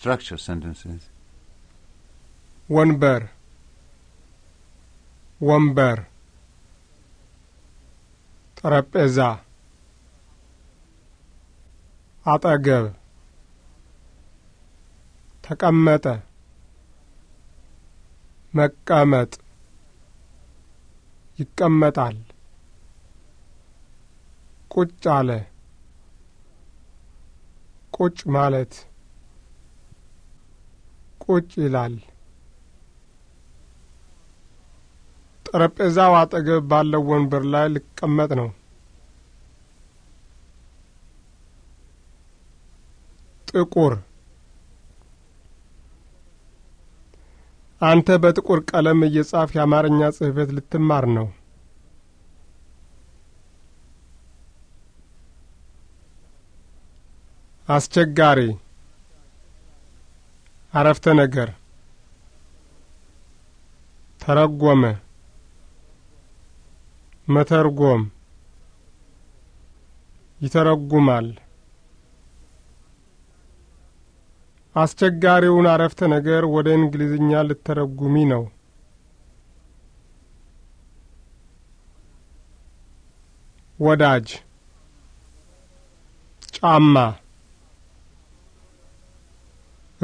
structure sentences. ወንበር ወንበር ጠረጴዛ አጠገብ ተቀመጠ መቀመጥ ይቀመጣል ቁጭ አለ ቁጭ ማለት ቁጭ ይላል። ጠረጴዛው አጠገብ ባለው ወንበር ላይ ልቀመጥ ነው። ጥቁር አንተ በጥቁር ቀለም እየጻፍ የአማርኛ ጽሕፈት ልትማር ነው። አስቸጋሪ አረፍተ ነገር ተረጎመ፣ መተርጎም፣ ይተረጉማል። አስቸጋሪውን አረፍተ ነገር ወደ እንግሊዝኛ ልተረጉሚ ነው። ወዳጅ ጫማ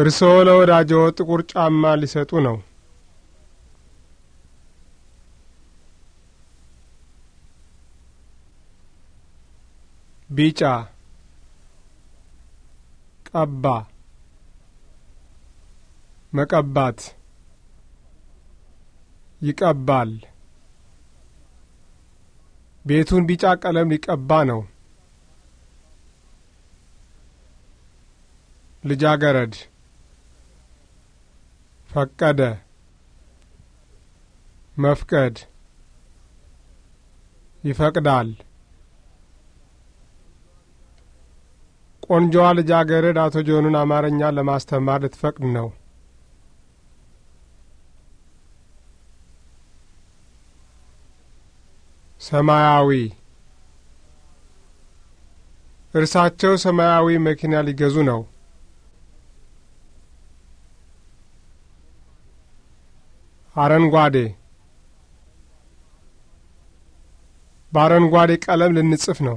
እርስዎ ለወዳጅዎ ጥቁር ጫማ ሊሰጡ ነው። ቢጫ ቀባ መቀባት ይቀባል። ቤቱን ቢጫ ቀለም ሊቀባ ነው። ልጃገረድ ፈቀደ፣ መፍቀድ፣ ይፈቅዳል። ቆንጆዋ ልጃገረድ አቶ ጆኑን አማርኛ ለማስተማር ልትፈቅድ ነው። ሰማያዊ እርሳቸው ሰማያዊ መኪና ሊገዙ ነው። አረንጓዴ በአረንጓዴ ቀለም ልንጽፍ ነው።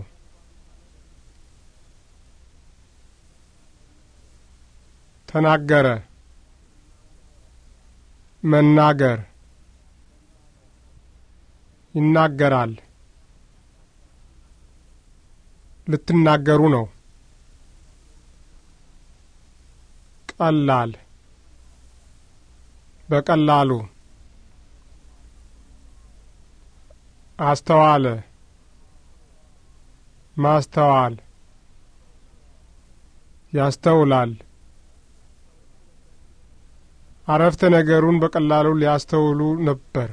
ተናገረ መናገር ይናገራል። ልትናገሩ ነው። ቀላል በቀላሉ አስተዋለ ማስተዋል ያስተውላል። አረፍተ ነገሩን በቀላሉ ሊያስተውሉ ነበር።